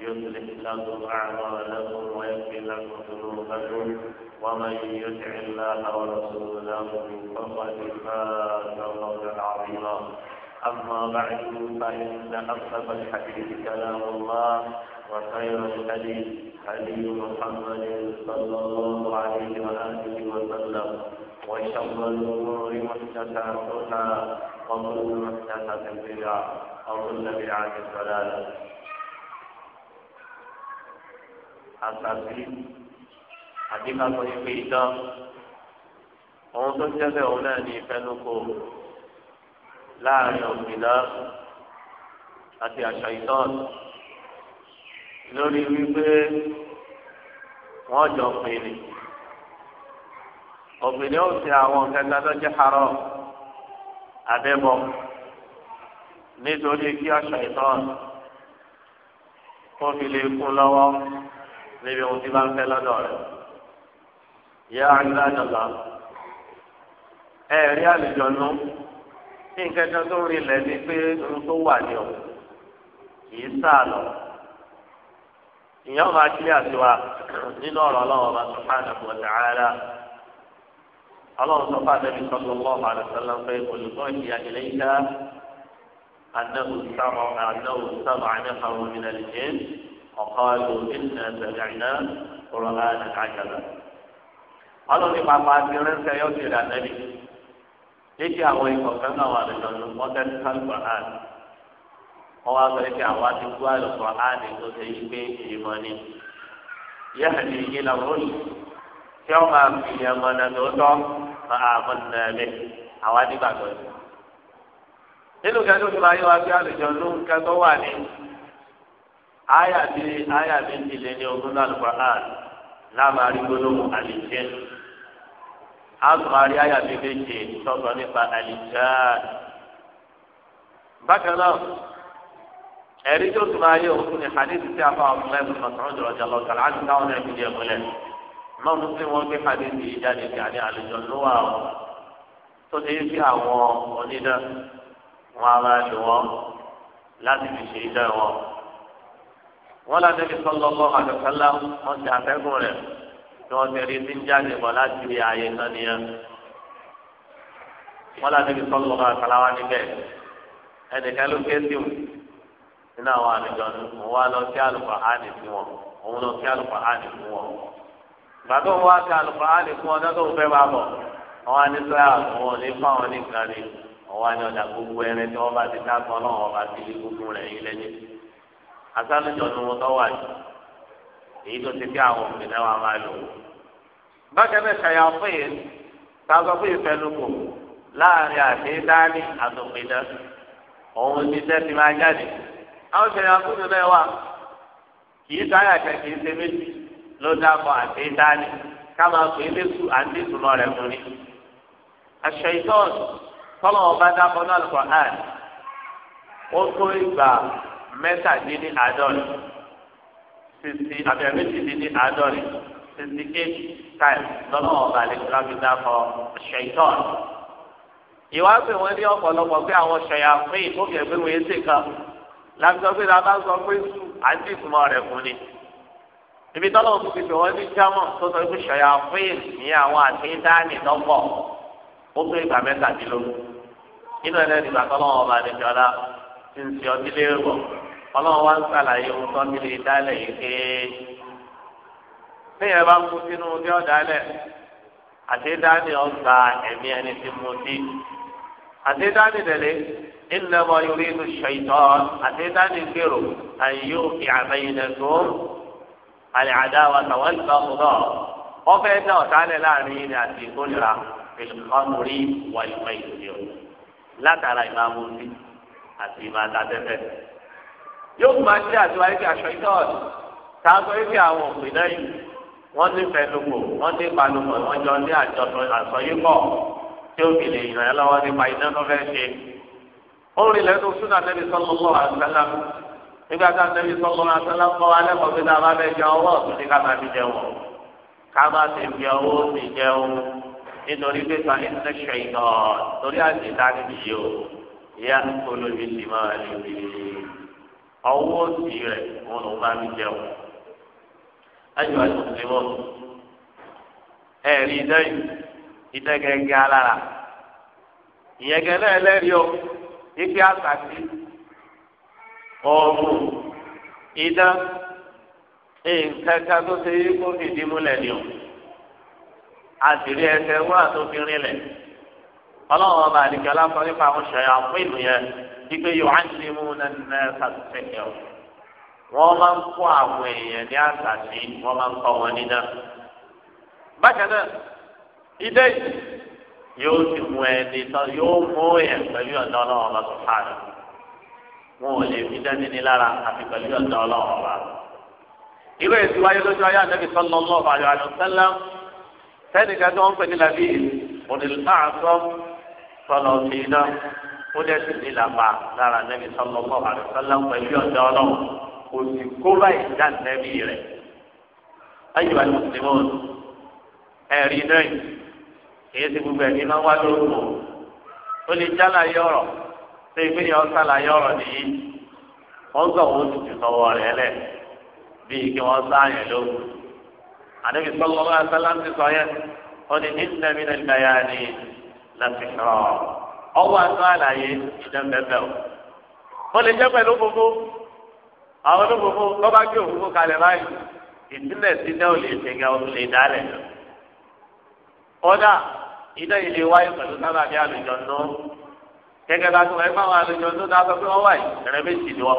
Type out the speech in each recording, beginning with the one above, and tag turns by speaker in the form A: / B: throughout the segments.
A: يصلح لكم أعمالكم ويغفر لكم ذنوبكم ومن يطع الله ورسوله فقد فاز فوزا عظيما أما بعد فإن أصدق الحديث كلام الله وخير الحديث حديث محمد صلى الله عليه وآله وسلم وشر الأمور محدثاتها وكل محدثة بدعة وكل بدعة ضلالة
B: àtàbí àbí ká sọ yìí pé idán ohun tó jẹ́bẹ̀ òun náà ní ìfẹnukò láàrin òmìnira àti àṣà ìtàn lórí wípé wọ́n jọ pèlè òpèlè ó ti àwọn kẹta tó jẹ́ harọ́ nítorí kí àṣà ìtàn kó fi lè kún lọ́wọ́ níbi ohun tí bá ń fẹ́ lọ́dọ̀ rẹ̀. ìyá àgbà àjọba ẹ̀rí àlùjọ nú ní nkẹ́kẹ́ tó rinlẹ̀ ni pé ohun tó wà ní ọ̀ kìí sáà lọ. ìyẹn máa kílẹ̀ àtiwá nínú ọ̀rọ̀ ọlọ́wọ́ bá subhanahu wa ta'ala. اللهم صل على النبي صلى الله عليه وسلم فيقول أوحي إليك أنه سمع أنه سمع نفر من الجن ọ̀kọ́lù ìnà sẹ̀gáìnà kúrò láàrin àjàlá. ọlọ́run ní pápá ti rẹ́sẹ̀ yóò ti rà nẹ́bí létí àwọn ikọ̀ fẹ́ràn àwọn àlejò ní mọ́tẹ́lì kálùbà hàn wọ́n wá sọ pé àwọn ti gbọ́ àlùkò hàn tó ṣe yí pé ìmọ̀ ni yẹ́hà ni ìyẹn làwọn ò lè tí wọ́n tó wà ní aya bi aya bi ti lé ní ogún náà lùkọ́ hàn lámàrí gbólóhùn àlìjẹ́ azumari aya bi méje sọ̀tọ̀ nípa àlìjẹ́ bákan náà ẹ̀rí tó tún ayé òkun ní hadithi tí a fa ọmọ ẹ̀sìn Mas'ud radiyallahu ta'ala anhu táwọn ẹ̀mí yẹ múlẹ̀ mọ́ muslim wọn gbé hadithi yìí jáde sí àní àlùjọ lówà ọ̀ tó ti fi àwọn onídà wọn a máa wọn láti fi ṣe idà wọn wọn lọ débi sọlọ lọ àdùkálá wọn ti àtẹgùn rẹ tí wọn ti rí níjàdé bọ láti rí ààyè náà nìyẹn wọn lọ débi sọlọ lọ àdùkálá wa níbẹ̀ ẹnìkan ló ké sí o nínú àwọn àlejò òun wá lọ sí àlùkò àánì fún wọn òun lọ sí àlùkò àánì fún wọn gbàtọ́ wọn wá àlùkò àánì fún wọn dọ́tọ̀ òun bá bọ̀ àwọn anisọ́yà àwọn òní fáwọn nìkan ni àwọn àni gbogbo ẹni tí wọ́n bá ti dá kan náà wọ́n bá ti di gbogbo rẹ̀ yín lẹ́yìn asálùjọ ni wọn tọ́ wà ní èyí tó ti fi àwọn òfin náà wà máa lò. bákan náà ṣàyà fún yìí sàgbọ́ fún ìfẹnukò láàrin àti dání àtòpinna òun ní sẹ́ẹ̀tì máa jáde. àwọn ṣàyà fún mi náà wà kìí sáyà kẹ kìí ṣe méjì ló dáàbò àti dání ká máa pè é lẹ́sù àti ìtumọ̀ rẹ̀ fún mi. aṣọ ìtọ́ọ̀sì tọ́lọ̀ ọba dáàbò náà lọ́kọ̀ọ́ ó tó ìgbà mẹ́tàdínní àádọ́rin sixty abẹ́mẹ́tìdínní àádọ́rin sixty eight times lọ́nà ọ̀gá àlẹ́kùnrin kọ́ ṣẹ̀tọ́n. ìwádìí wọn ní ọ̀pọ̀lọpọ̀ pé àwọn ṣẹ̀yà pé ìkókè pé wọ́n ṣe kan lábìsọ pé la bá sọ pé sùn àti ìtumọ̀ rẹ̀ fún ni. ibi tọ́lọ̀ ń fi wọ́n ní jámọ̀ tó sọ pé ṣẹ̀yà pé ní àwọn àti dání lọ́pọ̀ ó tó ìgbà mẹ́tàdínlógún nínú ẹlẹ́dìgbà tọ́lọ̀ ọ̀gá àlẹ́kùnrin ti ń ṣe ọdún lé ọlọ́run wá ń sàlàyé ohun tó nílé dálẹ̀ yìí pé bí yẹn bá kú sínú bí ọ̀dálẹ̀ àti dání ọgbà ẹ̀mí ẹni tí mo ti àti dání tẹ̀lé ìnáwó yorí inú ṣèyítọ́ àti dání gbèrò àyè yóò fi àmẹ́yìn lẹ̀ tó àlẹ́ àdáwà tàwọn ìgbàgbọ́ náà wọ́n fẹ́ dá ọ̀tálẹ̀ láàrin yìí àti ìkórìíra ìlúkọ́nùrí wà ìmọ̀ ìṣòro látara ìmáàmù sí àti ìmáàtàtẹ́fẹ́ yóò tún máa ṣe àtiwáyé kí aṣọ ìtọ́ọ̀dù táàgbọ́ wípé àwọn òpin náà yìí wọ́n ní fẹnukò wọ́n ní panupọ̀ wọ́n jọ ní àjọṣọ àsọyípọ̀ tí ó fi lè yàn án lọ́wọ́ nípa iná tó fẹ́ ṣe. ó rí lẹ́nu súnà nẹ́bí sọ́lọ́lọ́ àṣálá nígbà tá nẹ́bí sọ́lọ́lọ́ àṣálá kọ́ alẹ́kọ̀ọ́ pé náà bá fẹ́ jẹ ọwọ́ ọ̀tún ní ká máa fi jẹun ká máa ti fi ọwọ́ ti jẹun ọwọ́ òsì rẹ̀ wọn ló bá mi jẹun. ayọ̀ àti mùsùlùmọ́ ẹ̀rí ìdẹ́yìn ìdẹ́gẹ́gẹ́ alára ìyẹn gẹ́lẹ́ ẹlẹ́rìí o ike àtàkì ọ̀rùn ìdá nǹkan kan tó ṣe é kó fìdí múlẹ̀ ni o àṣírí ẹsẹ̀ wà tó fi rinlẹ̀ ọlọ́run ọba àdìgbà lásán nípa àwọn ṣẹ̀yà fún ìlú yẹn wípé yóò á ní mú nẹ́nẹ́ sàtìsẹ́kẹ̀ o. wọ́n máa ń kó àwọn èèyàn ní àṣàṣì wọ́n máa ń kọ́ wọn níná. bákan náà ìdè yóò ti mú ẹni tán yóò mú èèyàn pẹ̀lú ọ̀dọ́ ọlọ́run lọ sùn fáàlì. wọn ò lè fi dání ní lára àti pẹ̀lú ọ̀dọ́ ọlọ́run ọba. ìwé ìsìwáyé lójú ayé àdébí sọ́lọ́ọ̀lọ́ sọlọ sí iná ó dẹ̀ sì ní làpá lára nẹ́bí sọlọ bọ́ àrùsọ́lá pẹ̀lú ọ̀dọ́ ọlọ́run kò sì kó báyìí dá nẹ́bí rẹ̀ ayé wa ló ti mọ́ ẹ̀rí náà kìí ti gbogbo ẹ̀mí máa wá lóko ó lè jálàyé ọ̀rọ̀ tó ìpínlẹ̀ ọ̀sálàyé ọ̀rọ̀ nìyí wọ́n gbà wọ́n tutù sọ̀wọ́ rẹ̀ lẹ̀ bíi kí wọ́n sáyẹn lóko àdébí sọlọ́ọ́ àtàlà ń ti sọ yẹn ó ní ní nàmínà ìgbà yára nìyí. láti sọ̀rọ̀ ọwọ́ àtọ àlàyé ìdánbẹbẹ o ó lè jẹ pẹ̀lú gbogbo àwọn olóògbòfó tó bá gbé òfófó kalẹ̀ báyìí ìdílé sílẹ̀ ò lè ṣe ga o lè dálẹ̀ ọdà iná wáyé pẹ̀lú sábà bí àlùjọ gẹ́gẹ́ bá ẹgbẹ́ àwọn àlùjọ dáa sọ pé wọn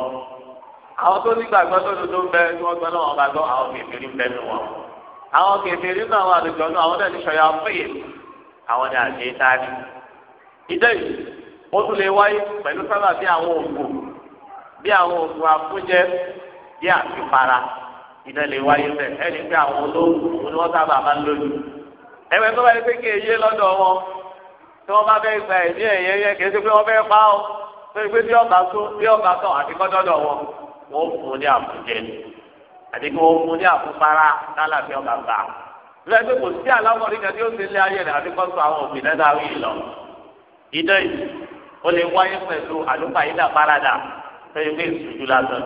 B: àwọn tó nígbàgbọ́ tó dodo ń bẹ tí wọ́n gbọ́ náà wọn bá gbọ́ àwọn kèfèrí ń bẹ àwọn ni àti ìtaari ìdá yìí ó tún lè wáyé pẹ̀lú sábà bí àwọn oògùn bí àwọn oògùn afúnjẹ bí àfipara ìdá lè wáyé bẹ́ẹ̀ ẹni pé àwọn olóògùn ni wọ́n sábà máa ń lójú ẹ̀wẹ̀ tó bá yẹ pé kí èyí lọ́dọ̀ wọn tí wọ́n bá fẹ́ gba ẹ̀mí ẹ̀yẹ yẹ kì í ṣe pé wọ́n fẹ́ pa ọ́ torí pé bí ọba tó bí ọba tó àti kọ́dọ̀dọ̀ wọn wọ́n fún ní àfúnjẹ àti kí wọ́n fún ní àfúnpara lálàbí ọba gbà lọ́wọ́ pé kò sí alámọ̀rí kan tí ó ti lé ayé rẹ̀ àti kọ́sọ̀ àwọn òbí náà dáwé lọ. ìdán yìí ó lè wáyé pẹ̀lú àlùfáàyídà parada fẹ́ẹ́ gbé ìṣújú lásán.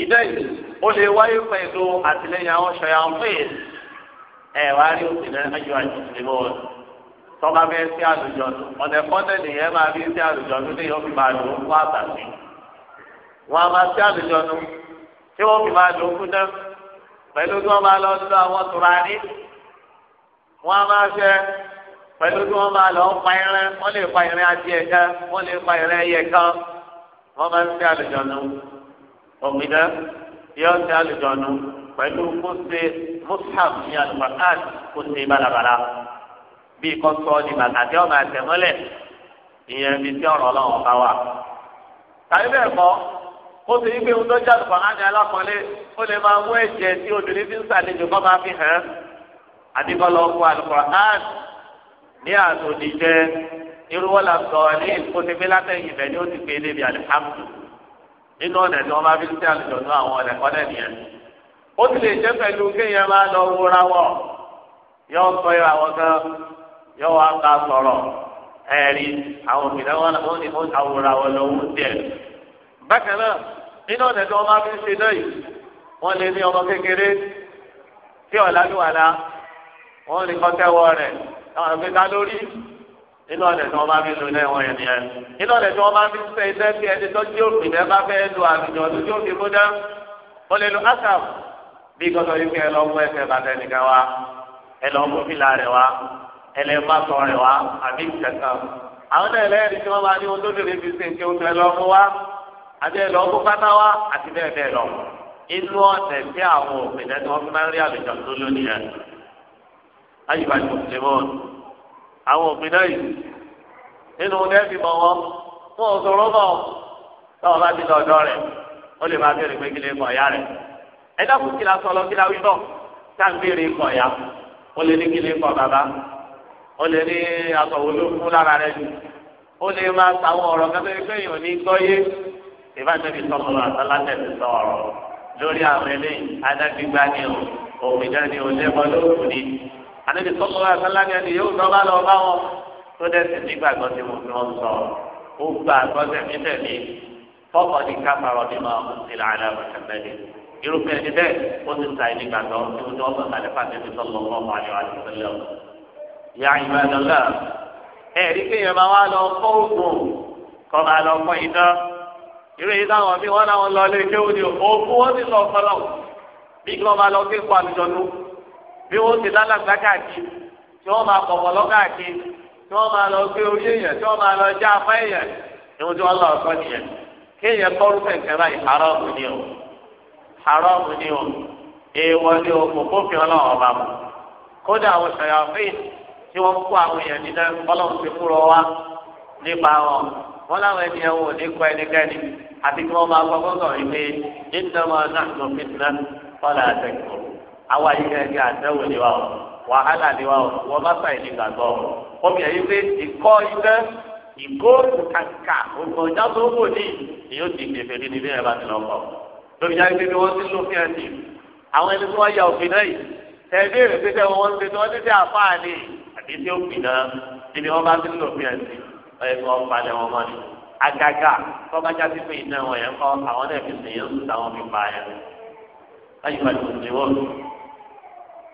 B: ìdán yìí ó lè wáyé pẹ̀lú àtìlẹ́yìn àwọn ṣọ̀yàn fèèl ẹ̀ wá rí òbí náà ayọ̀ àjùmọ̀ tọ́ba bẹ́ẹ̀ sí àlùjọ ọ̀nà ẹ̀kọ́tẹ̀ nìyẹn máa bí sí àlùjọ tó lè yọ fi máa lò ó fún àtàkùn wọn a máa sí àlùjọ nu tí wọ́n fi máa lò ó fún náà pẹ̀lú tí wọ́n máa lọ sọ àwọn tùràrí wọ́n á máa ṣe pẹ̀lú tí wọ́n máa lọ pa irin wọ́n lè pa irin adìẹ kan wọ́n lè pa irin ẹyẹ kan wọ́n máa ń ṣe àlùjọ̀nù òmìnira yóò ṣe àlùjọ̀nù pẹ̀lú kóse mushaf ní alùpàkàn kóse balabala bíi kọ́sọ́ ní bàtàkì ọ̀gá àtẹ̀mọ́lẹ̀ ìyẹn bíi tí ọ̀rọ̀ ọlọ́run bá wà. tàbí bẹ́ẹ̀ kọ́ ó sì gbé ohun tó jáde fún àádé alákọ̀ọ́lé ó lè máa mú ẹ̀jẹ̀ tí obìnrin fi ń sàlejò kọ́ máa fi hàn án àdìgbọ́lọ́ ọkọ̀ alukur'an ní àtòdìjẹ́ irúwọ́lá sọ̀rọ̀ ní ìkóṣepé látẹ̀yìn ibẹ̀ ni ó ti pè é lébi alihamudu nínú ọ̀nà tí wọ́n bá fi ń tẹ́ àlejò ní àwọn ọ̀nà náà nìyẹn. ó ti lè jẹ́ pẹ̀lú kéèyàn máa lọ wúra wọ̀ yọ sọ ìwà wọn yọ wá ká sọ̀rọ̀ ẹ̀rí àwọn òbí náà wọ́n ní bákan náà nínú ọ̀nà tí wọ́n máa fi ń ṣe náà yìí wọ́n lè ní ọmọ kékeré tí ọ̀la ló wà lá wọ́n lè kọ́ tẹ́wọ́ rẹ̀ àwọn àgbẹ̀ta lórí nínú ọ̀nà tí wọ́n máa fi ń lo iná ẹ̀wọ̀n yẹn nìyẹn nínú ọ̀nà tí wọ́n máa fi ń ṣe iṣẹ́ tí ẹni tó tí òfin rẹ̀ bá fẹ́ lo àbìjọ́ tó tí òfin kó dá wọ́n lè lo asap bí gbọ́dọ̀ yìí kẹ́ ẹ lọ mú ẹsẹ̀ bàtà ẹnìkan wa ẹ lọ mú àti ẹ̀ lọ kó pátá wá àti bẹ́ẹ̀ bẹ́ẹ̀ lọ inú ọ̀sẹ̀ tí àwọn òfin ẹ̀ tí wọ́n fi máa ń rí àlejò tó lónìí ẹ̀ ayé bá tó ṣe mọ́ àwọn òfin náà yìí nínú lẹ́ẹ̀fì mọ́ wọn wọn ò sọ̀rọ̀ mọ́ táwọn bá ti lọ ọ̀dọ́ rẹ̀ ó lè máa bẹ̀rẹ̀ pé kí lè kọ̀ ọ̀yá rẹ̀ ẹ dákun kí la sọ kí la wí bọ̀ tá ń bèrè kọ̀ ọ̀yá ó lè ní kí ìbáṣepì sọ̀rọ̀ àtàlátẹ̀sì sọ̀rọ̀ lórí àwọn eléyìí adágbégbá ni o òmìnira ni o lẹ́mọ́ lóògùn ni àdébí sọ̀rọ̀ àtàlátẹ̀sì yóò dọ́gba lọ bá wọn tó dẹ́sẹ̀ nígbàgbọ́ tí mo fi wọn sọ ó gba àgbọ́sẹ̀ mi tẹ̀lé fọ́kọ̀ ní káfàrọ̀ ní ma ń ti là àlà mọ̀tẹ́mẹ́lẹ́ irúfẹ́ ẹni bẹ́ẹ̀ ó ti ta ẹni gbàgbọ́ tí ó dọ́ ọ̀sán àlẹ́ fàtẹ́bí máa wá lọ fọ́ òògùn kọ́ máa lọ fọ́ iná irú èyí táwọn bí wọn láwọn lọ lé kéwù ni òkú wọn ti lọ fọlọ bí kí wọn máa lọ kí nǹkan àlùjọnu bí wọn ti lálàgbá káàkiri tí wọn máa pọpọ lọ káàkiri tí wọn máa lọ gbé orí èèyàn tí wọn máa lọ já afá èèyàn ìhun tí wọn lọ sọ nìyẹn kéèyàn kọrú kẹ̀kẹ́ báyìí haramu ni o haramu ni o èèwọ̀ ni o òkú fi Ọlọ́run ọba mu kódà àwọn ṣàyàfẹ́ tí wọn kó àwọn èèyàn nínú Ọlọ́run ti kúrò wá nípa wọn wọn làwọn ẹni ẹwọn ò ní kọ ẹnikẹ́ni àti kí wọn máa gbọgbọ sọ ìwé ìdámọ náà tó fìtínà fọlá àtẹkùn àwọn àyíká ẹni àtẹwò ni wà ó wàhálà ni wà ó wọn bá fà ìdí gbàgbọ́ ọmọ yẹn pé ìkọ iná ìkó kàkà ògbọ̀njá tó wò ní ìyóò ti gbèfè ní ibi ẹ̀rọ àti lọ́kọ̀ lórí yá ibi ni wọ́n ti lófin ẹ̀sìn àwọn ẹni tí wọ́n ya òfin náà yìí tẹ̀lé ìrètí tẹ̀wọ́n wọn ti ti tẹ̀ àfáà ní àti tí ó gbìn náà wọ́n bá ti lófin ẹ̀sìn. ọyẹ kí wọn wọn mọ́ ni agaga kọbajà ti fi iná wọn yẹn kọ àwọn náà fi sèyàn sùn táwọn fi pa yẹn láyé wà lóṣù ní wọn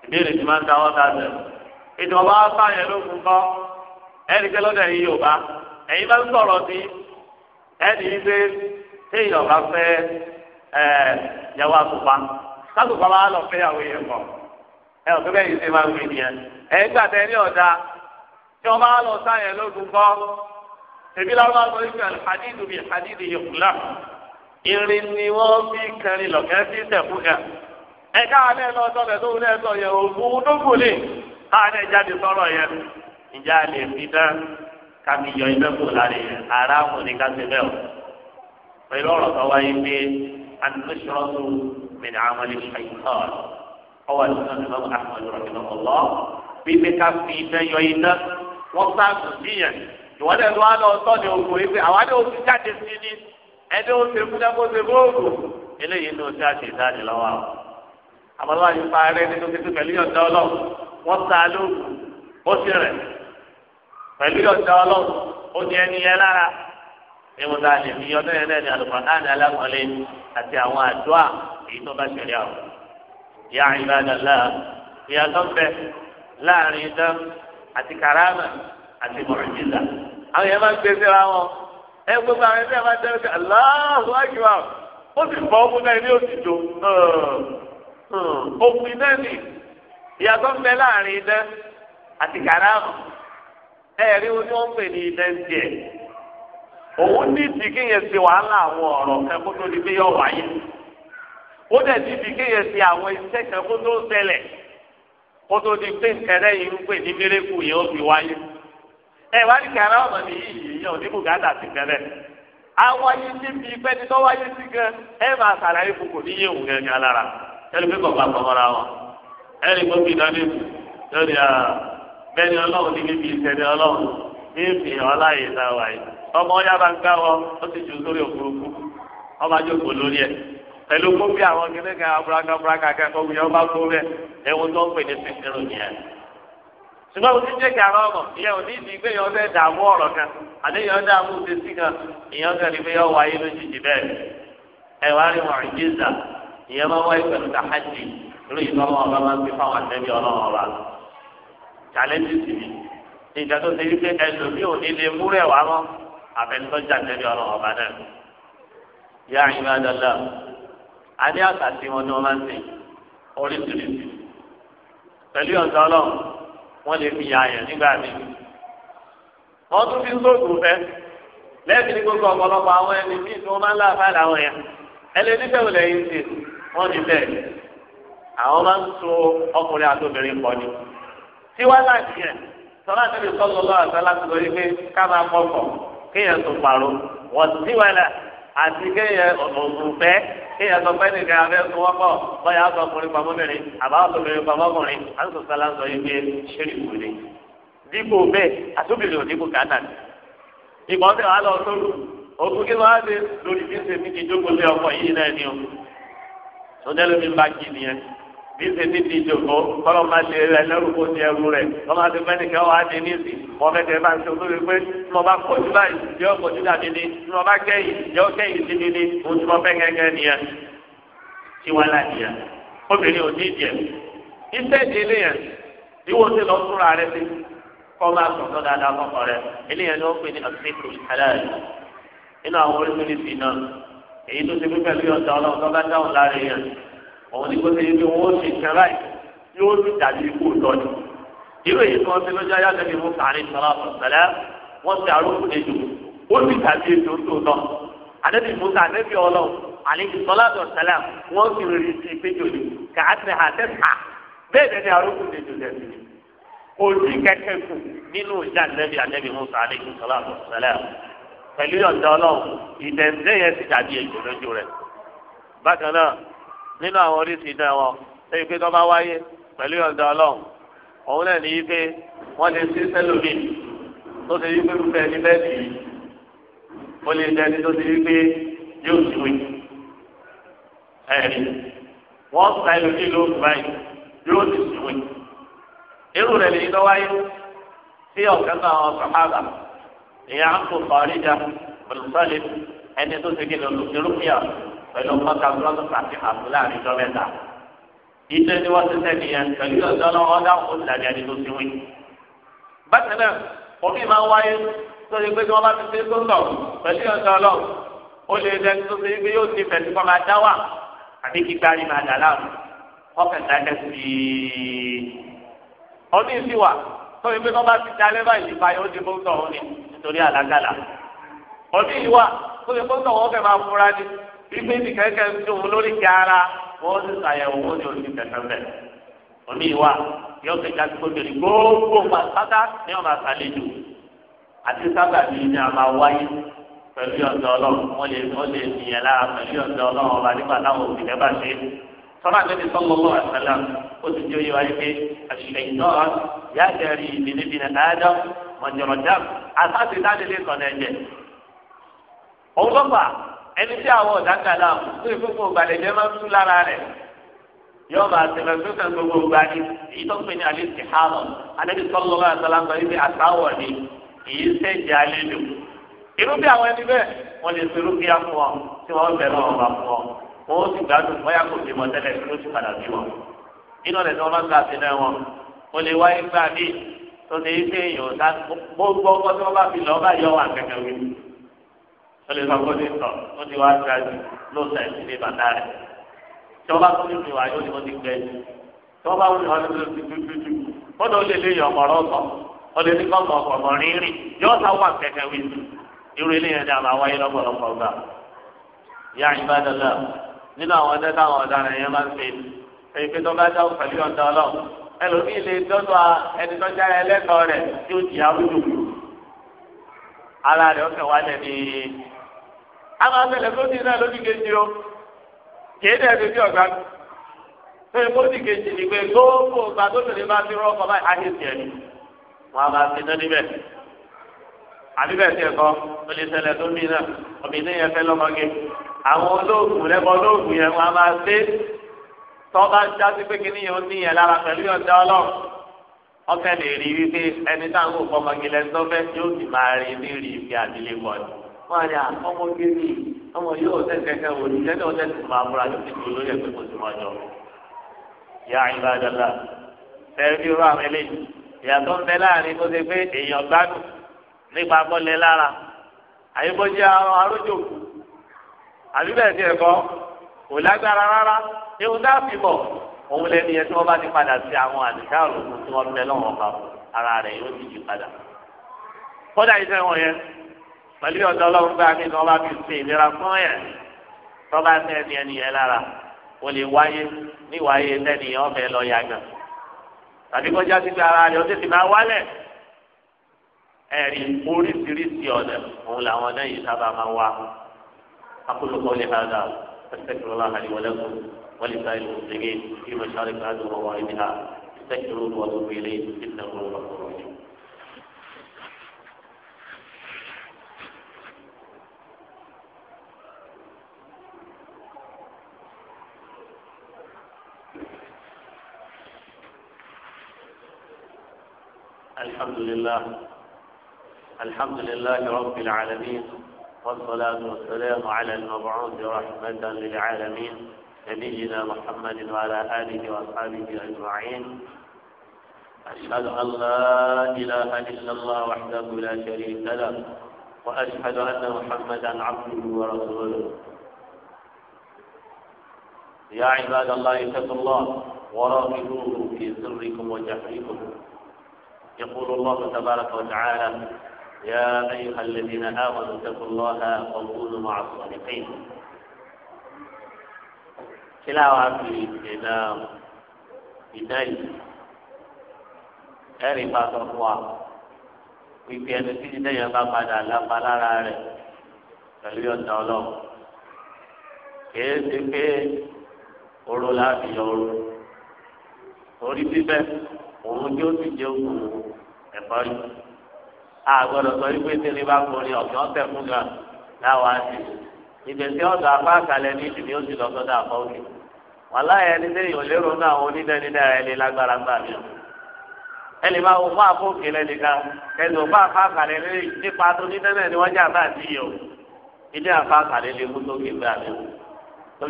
B: ìbéèrè tí máa ń dáwọ́ dáadé ìjọba bá yẹn lókun kọ ẹnì lọ́dọ̀ yìí yóò bá ẹ̀yin bá ń sọ̀rọ̀ sí tí wọ́n bá lọ sáyẹn lógun kọ́ ebi làwọn àgbọ̀ yìí kan hadidu bi hadidu yìí kula irin ni wọ́n fi kẹrin lọ́kẹ́ sí sẹ̀kú kan ẹ̀ka alẹ́ lọ sọ̀rọ̀ tó wúlẹ̀ sọ yẹn òògùn tó kù lè káàdé jáde sọ̀rọ̀ yẹn ìjà lè fi dán kàmi yọ ibẹ̀ kù lára yẹn ara mò ní ká ṣe bẹ́ẹ̀ o pẹ̀lú ọ̀rọ̀ tó wáyé pé anúṣọ́tò mìíràn àwọn ilé ṣàyíkọ́ ọwọ́ àti sọ́dọ̀ àmọ́ ìrọ̀lẹ́ ọ̀lọ́ bí mi ká fi dán yọ iná wọ́n bá gbìyàn ìwọ́dẹ̀ tó wá lọ tọ́ ni oògùn yìí pé àwa ni oṣù jáde sí ni ẹni ó ṣe fúnlẹ̀ kó ṣe bóògùn eléyìí ni oṣù àti ìdáni lọ́wọ́ àwọn. àbọ̀lọ́wọ́ àti parẹ́ nínú títí pẹ̀lú yọ̀ǹda ọlọ́run wọ́n ta lóògùn ó ṣe rẹ̀ pẹ̀lú yọ̀ǹda ọlọ́run ó ní ẹni yẹn lára ìwọ̀n ta lè fi ọdún yẹn náà ní alùpàdánù alákọ̀ọ́lẹ̀ àti àwọn àdúrà èyí tó bá ṣẹlẹ̀ àwọn. ìyá ìbádàlá láàrin dán àti karama àti mọ̀rìndínlá àwọn yẹn máa ń gbé síra wọn ẹ gbogbo àwọn ẹgbẹ́ máa dẹ́rẹ́ sí aláàbò àjùwà ó sì fọ́ ọkùnrin náà ní òtítọ́ òfin náà nì ìyàtọ̀ ń bẹ láàrin iná àti karama wọn ń pè ní iná ń tiẹ̀ òun ní di yọ wáyé ó dẹ̀ ti kótó di pé nkẹrẹ yìí ń pè ní mérekù yẹn ó fi wáyé ẹ wá ní kẹrẹ ọmọ mi yìí yìí òní bùkátà sí kẹrẹ àwọn yìí ti fi pé ní tọ́wáyé sí gan ẹ máa sàlàyé fún kò ní yé òun gẹ́gẹ́ lára ẹni pé kọ̀ọ̀kan kọ̀ọ̀ra wọn ẹni pé kí lórí ní ọmọ ń wọn pẹ̀lú gbogbo àwọn kìnìún kan abúlaka abúlaka kẹ́kọ̀ọ́ wíyá ọba gbó rẹ̀ ẹ̀wọ̀n tó ń pè ní sísèrò nìyẹn. ṣùgbọ́n mo ti jẹ́ kí ara ọmọ ìyẹn ò ní ìdí pé yọ fẹ́ dààmú ọ̀rọ̀ kan àti yọ dààmú tẹ̀sí kan ìyẹn kan ní pé yọ wáyé lójijì bẹ́ẹ̀ ẹ wá rí wọn ìjẹ́sà ìyẹn máa wáyé pẹ̀lú tàhájì lórí ìfọwọ́ ọba máa ń gbé fáwọn àtẹ́bí ọlọ́run ọba challenge ti mi ìjà tó ṣe wípé ẹlòmíì ò ní lè adé àṣà tí wọn ni wọn máa ń sìn oríṣiríṣi pẹ̀lú ọ̀sán ọlọ́run wọ́n lè fi yààyàn nígbà míì wọ́n tún fi sóògùn fẹ́ lẹ́ẹ̀kì ní gbogbo ọ̀pọ̀lọpọ̀ àwọn ẹni tí wọ́n máa ń lá àfáà làwọn yẹn ẹlẹ́ni lẹ́yìn sí wọ́n ní bẹ́ẹ̀ àwọn máa ń so ọkùnrin àti obìnrin pọ̀ ni tí wọ́n sọlá àti aláṣẹ lórí pé ká máa kéèyàn tó wọ́n ti àti kéèyàn ògùnfẹ́ kéèyàn sọ pé nìkan abẹ́ fún wọn pọ̀ bóyá sọ ọkùnrin pamọ́bìnrin àbá ọkùnrin pamọ́kùnrin àtúntò sálá sọ yìí pé ṣẹ́rì wò ni. dípò bẹ́ẹ̀ àtúbìlẹ̀ ò dípò kàtà ni. ìbọn tẹ̀ wá lọ sóru òkú kí wọ́n á ṣe lórí bí ṣe ní kí jókòó lé ọkọ̀ yìí náà ni o. sọdẹ́lómi bá kí nìyẹn níṣẹ́ níbi ìjòkó kọ́lọ́ máa ṣe rẹ lẹ́rùkó ti ẹrù rẹ̀ wọ́n máa ti fẹ́ni kẹ́ wàá di níìsì wọ́n fẹ́ tẹ bá ń ṣe olórí pé tí mo bá kọjú báyìí yóò kọjú dàbí ni tí mo bá kẹ́yìn yóò kẹ́yìn sí mi ni mo ti mọ fẹ́ gẹ́gẹ́ nìyẹn tí wọ́n láti yẹn obìnrin ò ní ìdí ẹ̀ iṣẹ́ ìdílé yẹn ìwọ ti lọ súnra rẹ sí kọ́ máa sọ̀tọ̀ dáadáa kọ́kọ́ rẹ eléyẹn ni wọ́n pè ní ọ̀sìnkù aláàrẹ nínú àwọn oríṣiríṣi náà èyí tó ti pípẹ́ bí ọ̀dà ọlọ́run tó bá dáhùn láàrin yẹn òun ní kó ṣe é pé wọn ó ṣe ìṣẹ́ láì yóò ti dàbí ikú ìtọ́jú irú èyí kan ti lọ́jọ́ ayájọ́ ni musa àrí sọ́lá sọ̀tẹ́lẹ̀ wọ́n ti àrùn ejò ó ti dàbí ejò tó nà àdébí musa àdébí ọlọ́ àní sọ́lá sọ̀tẹ́lẹ̀ wọ́n ti rí ti péjò ni kà á ti hà tẹ́sà bẹ́ẹ̀ bẹ́ẹ̀ ni àrùn ejò tẹ̀sí ó ti kẹ́kẹ́ kù nínú ìjà àdébí àdébí musa àrí sọ́lá sọ̀tẹ́lẹ̀ pẹ̀lú nínú àwọn oríṣi iná wọn lẹ́yìn pé tó wáyé pẹ̀lú ọ̀dọ̀ ọlọ́run òun náà ní wípé wọ́n lè ṣe sẹ́lómi tó ti wípé fífẹ́ ní bẹ́ẹ̀dì yìí ó lè jẹ́ ẹni tó ti wípé yóò ti ẹ̀rí wọ́n sa ẹlòmíì lóṣù báyìí yóò ti ti irú rẹ̀ lèyí tó wáyé sí ọ̀kan náà àwọn sàhábà ìyá àpò kọ̀ọ̀rídà pẹ̀lú sọ́ọ̀lì ẹni tó ti kí lọ́lù irúfẹ́ pẹ̀lú mọ́ta búrọ́dù àti àbúlá àríjọ mẹ́ta. Ìṣe ni wọ́n ti sẹ́ni yẹn pẹ̀lú ọ̀dọ́ náà wọ́n dáhùn ó dàbí ẹni tó ti wí. Bákan náà, omi máa ń wáyé lórí pé kí wọ́n bá ti ṣe gbọ́ngàn pẹ̀lú ọ̀dọ́ náà. Ó lè dẹni tó ṣe pé yóò ti fẹ̀sí kọ́ máa dá wà àbí kí gbárí máa dà láàmú. Wọ́n fẹ̀ dákẹ́ sí i. Ọdún ìsì wà lórí pé kí wọ́n bá ti ni gbígbé ní kẹ̀kẹ́ ń dùn lórí ti ara wọ́n ti ṣàyẹ̀wò wọ́n ní oṣù kẹ̀kẹ́ bẹ̀. omi ìwà yóò fi jáde gbogbo ní gbogbo pátá ní ọ̀nà àtàlejò àti sábà bíi ní a máa wáyé pẹ̀lú ọ̀dọ̀ ọlọ́run wọ́n lè wọ́n lè nìyẹn lára pẹ̀lú ọ̀dọ̀ ọlọ́run ọba nígbà táwọn òbí rẹ̀ bá ṣe sọ́nà tẹ́lẹ̀ sọ́nà ọlọ́run àtàlà ó ti di oyè wáyé pé àṣìlẹ̀ ìtọ́ra yá jẹ́rìí ìbínibínà dáadáa mọ̀jọ̀rọ̀ dáàbò àtàtì dáadé lè kọ̀ọ̀nà ẹ̀jẹ̀ òun lọ́gbà ẹni tí àwọn ọ̀dàkà náà tó ìfúnpọ̀ gbàdẹ̀jẹ́ máa ń tú lára rẹ̀ yóò máa tẹ̀lé tó kàn gbogbo gba ni èyí tó ń pè ní alẹ́ ti ha lọ alẹ́bi sọ́lọ́ bá sọ́lá ń sọ ibi àtàwọ̀ ni èyí sẹ́jẹ̀ alẹ́ lò irú bí àwọn ẹni bẹ́ẹ̀ wọ́n lè fi rúbíà fún ọ tí wọ́n bẹ̀rẹ̀ wọn bá fún ọ wọn ó sì gbádùn bóyá kò bímọ tẹ́lẹ̀ tó ti padà bí wọn iná rẹ̀ tí wọ́n bá gbà sí wọn ó lè wáyé gbà mí tó ṣe é ṣe èèyàn gbogbo ọkọ tí wọ́n bá fi lọ́ọ́ bá yọ wà kẹ̀kẹ́ wí ó lè sọ pé ní sọ ó ti wá ṣáájú ló sọ ẹsìn ní bàtà rẹ tí wọn bá tún ní ìwà yóò ní wọn ti gbẹ jù tí wọn bá wù ní wọn ti tún tún tún tún ó lọ lè lè yọ ọmọọrọ sọ ó lè ní kọmọ ọmọ rírìn yóò sá wà kẹkẹ wí sí irú ilé yẹn dàgbà wáyé lọ́pọ̀lọpọ̀ gbà yá ìbádọ́lá nínú àwọn ọdẹ àwọn abẹ́lẹ̀ tó ti náà lójú kejì o kìí dẹ̀ ẹ̀dùn bí ọ̀gá mi. pé mọ́tì kejì ni pé gbogbo ọgbà tó tẹ̀lé bá ti rọ́ọ̀kọ̀ báyìí á yé tiẹ̀ ni wọ́n bá ti tán níbẹ̀. àbí bẹ́ẹ̀ tiẹ̀ kọ́ ó lè ṣẹlẹ̀ tó bí náà ọ̀bì ní yẹn fẹ́ lọ́mọge. àwọn olóògùn lẹ́kọ̀ọ́ olóògùn yẹn wọ́n máa ṣe tọ́ bá já sí pé kíní yẹn ó ní yẹn lára pẹ̀lú ọ̀dẹ́ ọlọ́run ọkẹ́ lè rí wípé ẹni táwọn òkọ́ ọmọge lẹ́ńtọ́fẹ́ yóò sì máa rí ní rí ìfẹ́ àdílé ni wọn àti ah, ọmọ gẹ́gẹ́ ọmọ yóò tẹ̀ kẹ́kẹ́ wò ní kẹ́kẹ́ ọ̀tẹ̀ tó máa múra yóò ti dùn lórí ẹ̀kọ́ tó máa jọ. Yà ìbàdàlà ẹ̀rí irú àwọn eléyìí ìyàtọ̀ ń bẹ láàrin tó ṣe pé èèyàn gbádùn nípa bọ́lẹ̀ lára àyíkọ́jẹ́ arójò àbí bẹ́ẹ̀ ti ẹ̀kọ́ kò lágbára rárá ewu dá fi bọ̀ òun lẹ́nu yẹn tí wọ́n bá ti padà sí àwọn àdìsá òrùkú tí wọ́n bẹ lọ́wọ́ pa ara rẹ̀ yóò ti jù padà. kódà iṣẹ́ wọn yẹn pẹ̀lú ọ̀dọ́ ọlọ́run bá mi lọ́ba mi ṣe ìlera fún ẹ̀ tọ́ba sẹ́ni ẹni yẹn lára o lè wáyé níwáyé sẹ́ni ọ̀fẹ́ lọ yàgà tàbí kọjá síbi ara rẹ̀ ó tètè máa wálẹ̀ ẹ̀rí oríṣiríṣi ọ̀nà òun làwọn ọ̀nà yìí sábà máa wá akólókò lè hàn dà ẹ̀sẹ̀kìrò láhà ní wọlẹ́kùn wọ́n lè sáré lọ́sẹ̀gẹ́ kí mọ̀ṣálẹ̀ kan á لله الحمد لله رب العالمين والصلاة والسلام على المبعوث
A: رحمة للعالمين نبينا محمد وعلى آله وأصحابه أجمعين أشهد أن لا إله إلا الله وحده لا شريك له وأشهد أن محمدا عبده ورسوله
B: يا عباد الله اتقوا الله وراقبوه في سركم وجهركم يقول الله تبارك وتعالى يا أيها الذين آمنوا اتقوا الله وكونوا مع الصادقين تلاوة في إلى بداية ẹ̀rí bá sọ fún wa pípẹ́ ẹni tí ìdẹ́yẹ bá padà lápá lára rẹ̀ pẹ̀lú ọ̀dà kìí ṣe pé oró láti yọ oró orí bíbẹ́ òun tí ó sì òkùnkùn ẹ̀fọ́ yìí a gbọ́dọ̀ sọ wípé tẹ́lẹ̀ bá kọrin ọ̀gbìn ọ̀tẹ̀ fún gan láwa sí ìgbésẹ̀ ọ̀dọ̀ apá àkàlẹ̀ ní ìdìbò ó sì lọ sọ́dọ̀ àpá òkè wà láyé ẹni tẹ́lẹ̀ yóò lérò ní àwọn onídẹ́nidẹ́ ẹni lágbára gbà mí ẹni máa wọ fún àpò òkè lẹ́nìkan ẹni ò bá apá àkàlẹ̀ lé nípa tó nídẹ́nẹ́ ni wọ́n jà bá àti yìí o ilé apá àkàlẹ̀ lè mú lókè gbà mí o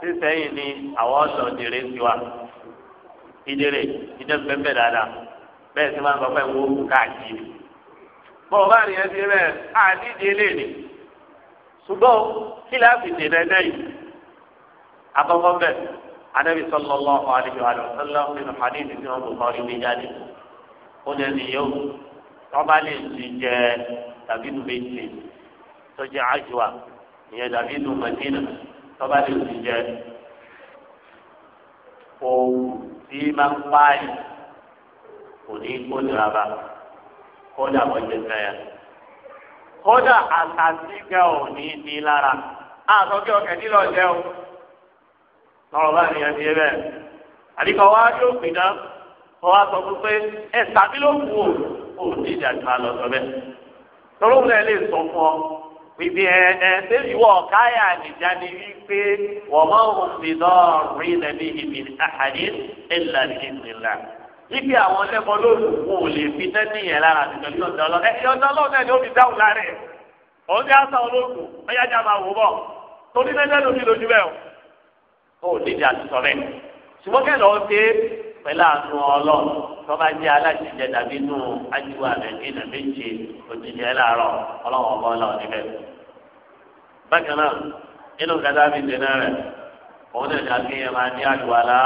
B: tóbi tó ìdèrè ìdẹ́gbẹ́mbẹ́ dáadáa bẹ́ẹ̀ sì máa ń sọ pé wo káàkiri. bọ́ọ̀ bá rìn ẹsẹ̀ rẹ̀ àdídì eléyìí ṣùgbọ́n kí lè fi dènà ẹgbẹ́ yìí. àkọ́kọ́ bẹ́ẹ̀ anábì sallallahu alaihi wa sallam nínú hadith tí wọ́n bọ̀ ọ́ jáde. ó lè ní yóò wọ́n lè ti jẹ tàbí nu méjì tó jẹ àjùwà ìyẹn tàbí nu mẹ́tínà tó bá lè ti jẹ òun tí máa ń pààyàn kò ní kó nira bá kódà wọ́n jẹ fẹ́yà kódà àtàtì gan ò ní ní lára àtọ́jú ọkẹ́ nílò jẹ́ o lọ́rọ̀ bá nìyẹn ti yé bẹ́ẹ̀ àdìkọ̀ wá yóò pè dá wọ́n á sọ fún pé ẹ̀ sàbí ló kù ò ò ní ìdàgbà lọ́sọ̀ bẹ́ẹ̀ tọ́lọ́wọ́n ẹ̀ lè sọ fún ọ bíbí ẹ ẹ sẹ́yìn wọ̀ káyà nìjáde wípé wọ́n máa ń fi dọ́ọ̀rì lẹ́bí ibi àhàdé ẹ̀là ìnìlá. Bíbí àwọn ẹlẹ́kọ̀ọ́ lóòrùn kò lè fi tẹ́tí yẹn lára àti pẹ̀lú ọ̀dọ́ ọlọ́ ẹ̀ ọ̀dọ́ ọlọ́run náà ni ó fi dáhùn lára Òun ti á olóògùn, ọ̀yá jà máa wò bọ̀. Torí tẹ́tẹ́ ló fi lójú bẹ́ẹ̀ o. Ó nídìí àti sọ bẹ́ẹ̀. Ṣùgbọ́n kẹ́ tọ́ba jẹ́ aláṣẹjẹ tàbí nù ajíwá àbẹ̀dínà méje òjijì ẹ̀ láàárọ̀ ọlọ́wọ́ ọmọ ọlọ́wọ́ níbẹ̀. bákan náà nínú kẹta mi dènà rẹ̀ òun náà ní akéèyàn máa ní àdùwàlá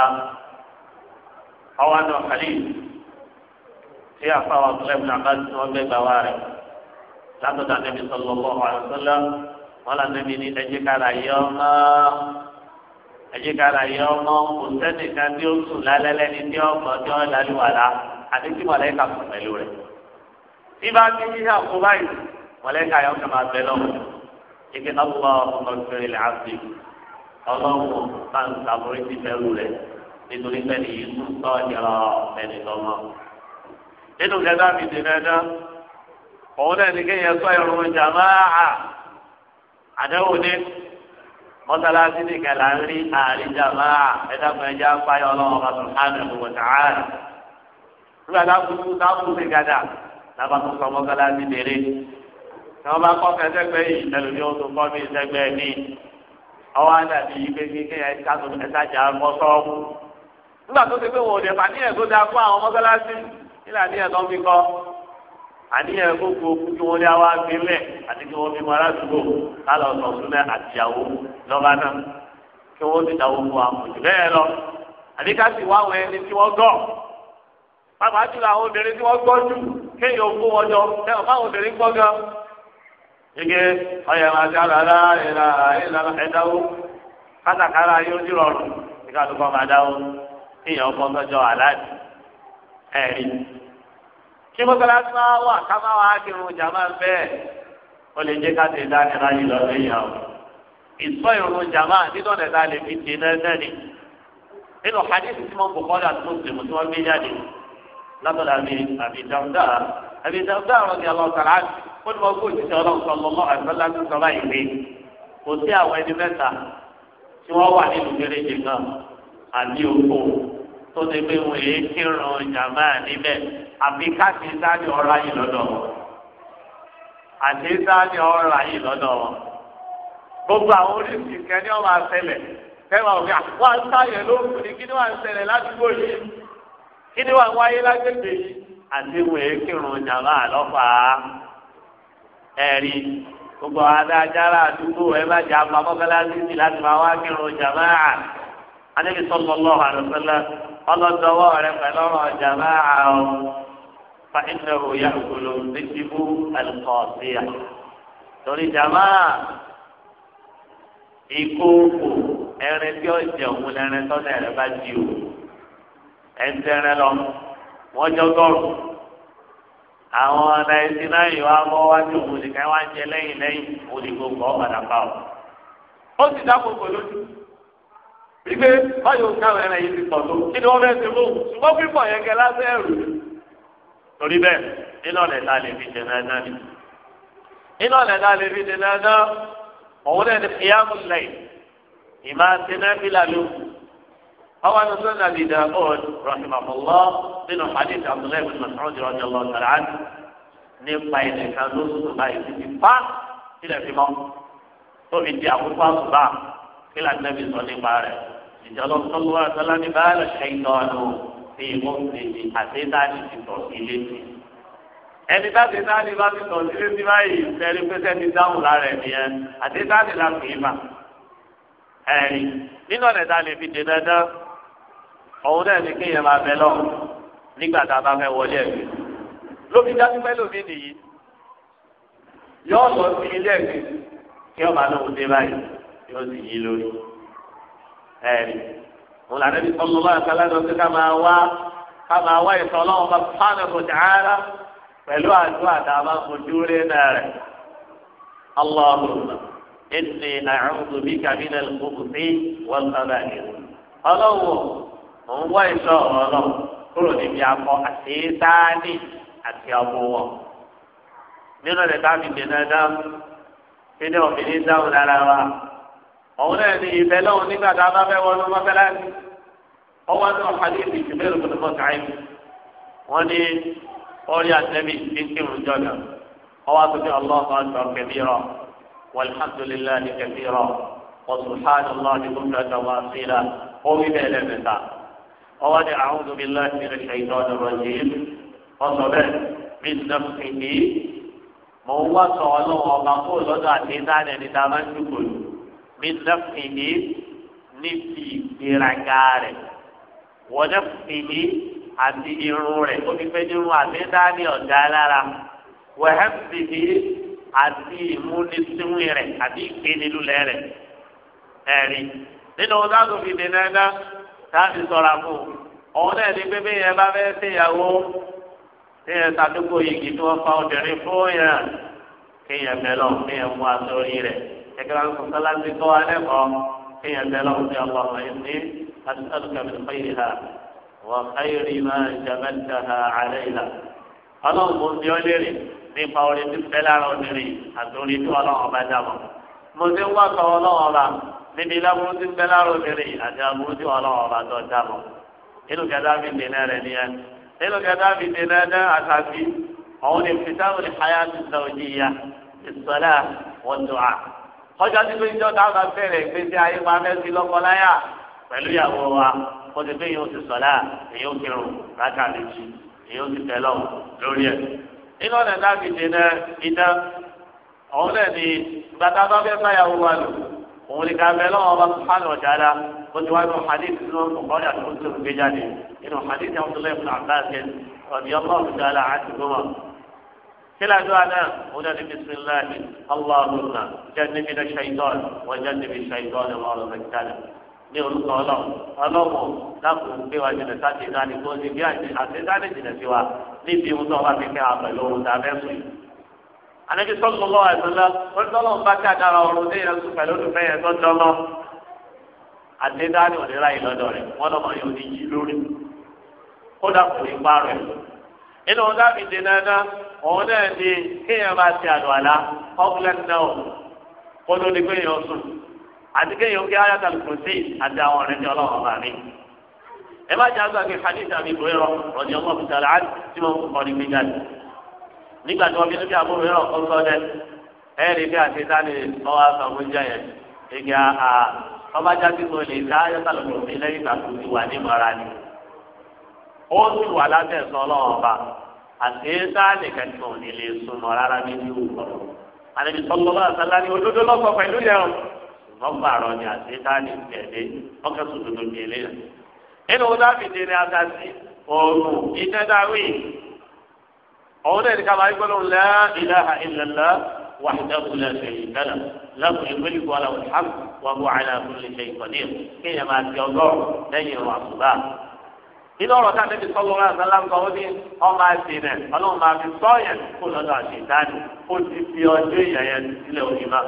B: ọwọ́ àná kàlí tí àfáwọn akílẹ̀ mi nàbá tí wọ́n gbẹgbà wá rẹ̀ látọ̀dá nẹ́bi sọ̀lọ́ àyíkára yẹ ọmọ kò sẹ́nìkan tí ó sùn lálẹ́ lẹ́ni tí ọmọ tí ó lálẹ́ wà lá àti tí mọ̀lẹ́kà sùn pẹ̀lú rẹ̀. tí bá ti yí àpò báyìí mọ̀lẹ́kà yọ kàn máa bẹ lọ́wọ́ ike ọgbà ọmọ ìfẹ́rẹ́ lè àbí ọlọ́wọ́ bá ń sàbórí ti bẹ̀rù rẹ̀ nítorí pẹ̀lú yìí sùn tọ́jà ẹni lọ́mọ. nínú kẹta mi dè dandan òun náà ní kéèyàn sọ ìrùn jàmáà àdéhùn ní mọ́sálásí nìkan là ń rí àríjàmá ẹ̀dàkùn ẹja fáyọ̀ ọlọ́run ọba subhanahu wa ta'ala. nígbà táàkùnkù táàkùnkù ti gàdà làbà tó sọ mọ́sálásí bèrè. tí wọ́n bá kọ́ kẹsẹ́gbẹ́ yìí ẹlòmí ó tó kọ́ mí sẹ́gbẹ́ mi. ọwọ́ àdàbí yìí pé kíkẹ́ ẹ̀sájà mọ́ sọ́ọ̀mù. nígbà tó ti pé wọn ò àníyàn gbogbo kí wọn lé àwọn agbélẹ àti kí wọn bímọ aládùúgbò kálọ sọsún náà àtìyàwó lọba náà kí wọn ti dáwọ fún àmójú bẹ́ẹ̀ lọ àbí ká sì wá àwọn ẹni tí wọn gọ pàpà jùlọ àwọn obìnrin tí wọn gbọ́ jù kéèyàn wọn jọ ẹ obìnrin gan. kátàkárà yóò rọrùn máa dáwó kéèyàn kí mọ́sálásí máa wà ká máa wà á kírun jàmá bẹ́ẹ̀ ó lè jẹ́ ká ti dánira yìí lọ sí ìyàwó. ìsọ ìrun jàmá nínú ọ̀nà tá a lè fi dènà nẹ́ni nínú hadith tí mo kọ́kọ́ dà tó sèmù tí wọ́n gbé jáde látọ̀dà mi àbí dáúdà àbí dáúdà rọ̀ ní ọlọ́ọ̀tà láti ó ní wọ́n gbòòjì sí ọlọ́ọ̀tà lọ́lọ́ àgbẹ̀lá àbí káàkiri sáàdì ọ̀rọ̀ ayé lọ́dọ̀ wọn àti sáàdì ọ̀rọ̀ ayé lọ́dọ̀ wọn gbogbo àwọn oríṣi lóògùn kí ni ládùúgbò yìí kí ni wáyé lágbègbè yìí àti kírun jàmbá gbogbo adájára àdúgbò ẹ bá jà láti máa wá kírun jàmbá ọlọ́dọ̀wọ́ rẹ pẹ̀lú ọ̀rọ̀ jàmbá àwọn. فإنه يأكل الذئب القاسية torí jama ìkókò ẹrin tí ó jẹ òun lẹrin tọ́nà ẹ̀rẹ́ bá di o ẹ̀ńtẹ̀rẹ́ lọ wọ́n jọ gọ́rù àwọn náìtì náà yìí wá bọ́ wájú òun nìkan wá ń jẹ lẹ́yìn lẹ́yìn olùgbòǹgbò ọ̀padà bá o. ó sì dá gbogbo lójú wípé báyọ̀ káwọn ẹran yìí ti pọ̀ tó kí ni wọ́n fẹ́ẹ́ ti mú ṣùgbọ́n pípọ̀ yẹn kẹ lásán ẹ̀rù torí bẹ́ẹ̀ nínú ọ̀nà ìta lè fi dènà ẹ̀dá ni nínú ọ̀nà ìta lè fi dènà ẹ̀dá òun náà ni fìyàmù lẹ́yìn ìmá dènà fìlà ló ọwọ́ ní sọ́nà nàbì dà ọ́n rahimahulọ́ nínú hadith abdullahi bin masoud radiyallahu ta'ala anhu nípa ilẹ̀ kan lóṣooṣù báyìí ti fi pa sílẹ̀ fi mọ́ tóbi di àkókò àtúbà kí làdínàbì sọ nípa rẹ̀ ìjọba sọ́lọ́wọ́ àtàlà ní báyìí lọ́ sí mọ́tìlì àtẹ́tàní ti tọ̀ sí létí. ẹni táti táni bá ti tọ̀ sí létí báyìí sẹ́ni pẹ́sẹ́ ti dáhùn lára ẹ̀ nìyẹn àtẹ́tàní la pè é mà. ẹ̀rí nínú ọ̀nà ìta lè fi dè dandan ọ̀hún náà ni kéèyàn máa bẹ lọ nígbà tá a bá fẹ́ wọlé ẹ̀mí. lómi dájú pẹ́ lómi nìyí
A: yóò lọ sí ilé ẹ̀mí
B: kí ọba lóhùn dé báyìí yóò sì yí lórí. ẹ̀rí wọn làdé bí sọlọ lọ́wọ́ àkàlà lọ sí ká máa wá ká máa wá ìtọ́ ọlọ́run bá pàánù kò dára pẹ̀lú àdúrà tá a máa fojú rí náà rẹ̀. Allahumma inni a'udhu bika min al-khubuthi wal khaba'ith. ọlọ́wọ́ mò ń wá ìtọ́ ọlọ́run kúrò níbi akọ àti sáání àti ọmọ wọn. nínú rẹ̀ ká dènà dáhùn kí ni òmìnir dáhùn lára wa òun náà ní ìfẹ́ lọ́wọ́ nígbà tá a bá fẹ́ wọnú mọ́sálásí ọwọ́ náà hàdí ìjùmẹ́rù kò tó mọ̀ káyé wọ́n ní orí àtẹ́bí ìkírun jọ̀nà ọwọ́ àtúntò ọlọ́ọ̀kan ọ̀tọ̀ kẹbíirọ̀ walhamdulilayi kẹbíirọ̀ wàsùlùmánàlọ́ọ̀dì kúndà tàwásílà omi bẹ́ẹ̀ lẹ́mẹ̀ta ọwọ́ ní àwùjọ bíi láti rẹ̀ ṣe ìtọ́jú rọ̀jìn ọ̀sọ̀ bẹ́ẹ̀ bí nàfìdí mò ń wá sọ ọlọ́wọ́ nafsihi níbi ìgbéraga rẹ̀ wọ́n nafsihi àti irun rẹ̀ ó fi fẹ́ nírun àti dání ọ̀gá lára wọ́n nafsihi àti ìmúnisínwìn rẹ̀ àti ìgbénilúlẹ̀ rẹ̀ ẹ̀rí nínú ọ̀gá tó fi dènà ẹ̀dá táàbì sọ̀rọ̀ àbò ọ̀hún náà ní pépé yẹn bá fẹ́ ṣèyàwó téèyàn sàdúgbò yìí kí wọ́n fa obìnrin fún yẹn kéèyàn mẹ́lọ̀ kéèyàn mú aṣọ orí ẹgbẹ́ wọn kọ́ sọ́lá ti kọ́ alẹ́ kọ́ kéèyàn bẹ́ẹ̀ lọ́wọ́ sí ọlọ́ ẹ̀mí asọ́dúnkà mi fẹ́ yìí ha wọ́n káyọ̀rì máa jàmẹ́ta ha alẹ́ yìí la. ọlọ́run mo ti ọ́ léèrè nípa orin tí fẹ́ lára obìnrin àti orin tí ọlọ́run ọba dàbọ̀. mo ti ń wá sọ ọlọ́run ọba níbi láburú tí fẹ́ lára obìnrin àti aburú tí ọlọ́run ọba tó dàbọ̀. inú kẹta kẹta mi dènà ọjọ́ tí pé ìjọ táwọn máa bẹ̀rẹ̀ ìgbésí ayé máa mẹ́sí lọ́kọ́láyà pẹ̀lú ìyàwó wa kó ti pé yóò ti sọ̀lá èyí ó kírun rákà méjì èyí ó ti tẹ̀lọ́ lórí ẹ̀. inú ọ̀nà náà fi dènà iná òun náà ni bàtà bá fẹ́ fáyàwó wa lò òun ni ká bẹ lọ́wọ́ bá sùpánù ọ̀jà dá ó ti wá inú hadith inú ọ̀kọ́dà tó ń tó gbé jáde inú hadith yàtọ̀ lẹ́kùn àbáṣe ọ̀dìyàn كلا دعنا هنا بسم الله اللهم جنبنا الشيطان وجنب الشيطان ما رزقتنا ní orúkọ ọlọ́run ọlọ́run lákòókò pé wá jìnnà sáti ìdáni tó ń ṣe bí àtẹ̀dáni jìnnà sí wa níbi ohun tó wà pípẹ́ àpẹ̀lú ohun tá a fẹ́ sùn yìí. àlejò sọ́kùn lọ́wọ́ àìsànlá wọ́n tọ́lọ́ ń bá ká dára ọ̀run ní ìrẹsùn pẹ̀lú olùfẹ́ yẹn tó ń dánmọ́. àtẹ̀dáni ò ní ra ìlọ́dọ̀ rẹ̀ wọ́n lọ́mọ yóò ní yí lórí kódà kò ní pa rẹ̀ inú wọn dábì di dandan òun náà di kéèyàn bá ti àdó àlá ọkùnrin náà o kó tó di kéèyàn sùn àti kéèyàn kí ayáta kùsì àti àwọn ọ̀rẹ́ ní ọlọ́wọ́ bá mi. ẹ má jẹ́ àgbàgbé hadith àbí ìbòyọ̀rọ̀ rọ̀dí ọmọ òkúta àti tí mo kọ́ ní gbé jáde. nígbà tí wọ́n fi níbi àbúrò yọ̀rọ̀ kọ́ sọ́ dẹ́ ẹ rí bí àti sáni ọwọ́ aṣọ fún jẹ́ yẹn ìgbà ọba jáde kò lè ká ayáta lọ́kùnrin lẹ́yìn ìgbà ó sì wà lábẹ́sọ ọlọ́run ọba àti sáàlì kẹtù nílé súnmọ́ rárá nínú ìwọ̀ àlebi sọlọ bá sálá ní olódó lọ́sọ̀ pẹ̀lú yẹn o ṣùgbọ́n pààrọ̀ ni àti sáàlì tẹ̀lé ọkẹ́sùn tuntun nílé rẹ̀ nínú dábìdì ni a sí oòrùn iṣẹ́ dáwì òun náà ní ká máa gbọ́dọ̀ la ilaha illallah wahdahu la sharika lahu nínú ọ̀rọ̀ táwọn ẹbí sọ́lọ́ ọ̀rọ̀ àgbàlá ń kọ́ ó ní ọmọ àṣìnà ọlọ́run máa fi sọ yẹn kó lọ́dọ̀ àṣìdáni ó ti fi ọjọ́ èèyàn yẹn sílẹ̀ òní ma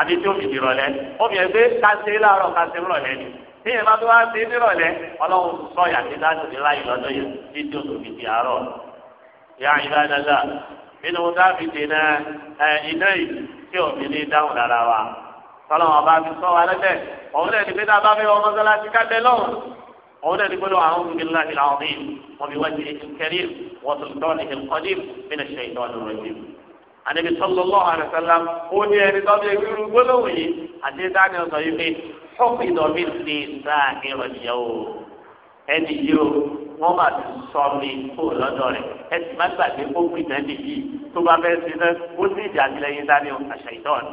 B: àbí tí ó fi dìrọ̀lẹ́ ó fi ẹgbẹ́ káṣe láàárọ̀ káṣe rọ̀lẹ́ ni tí yẹn bá tó wá sí nírọ̀lẹ́ ọlọ́run sọ yà sí dáàbò ní láyé lọ́dọ̀ yẹn tí tí ó tó fi di àárọ̀ yà ìlà nínú dábì dènà ẹ iná yìí tí òbí ní dáhùn lára wa tọ́lọ́wọ́n أولا يقولوا أعوذ بالله العظيم وبوجهه الكريم وسلطانه القديم من الشيطان الرجيم النبي صلى الله عليه وسلم قل يا رضا يقول قولوا حديث عن الضيف حفظ مثلي ساحر اليوم ẹni yìí o wọn máa ti sọ mi kó lọ́dọ̀ rẹ̀ ẹsì má gbàgbé kó pè náà nìyí tó bá fẹ́ẹ́ sí náà ó sì ìdí àtìlẹ́yìn dání o àṣà ìtọ́ni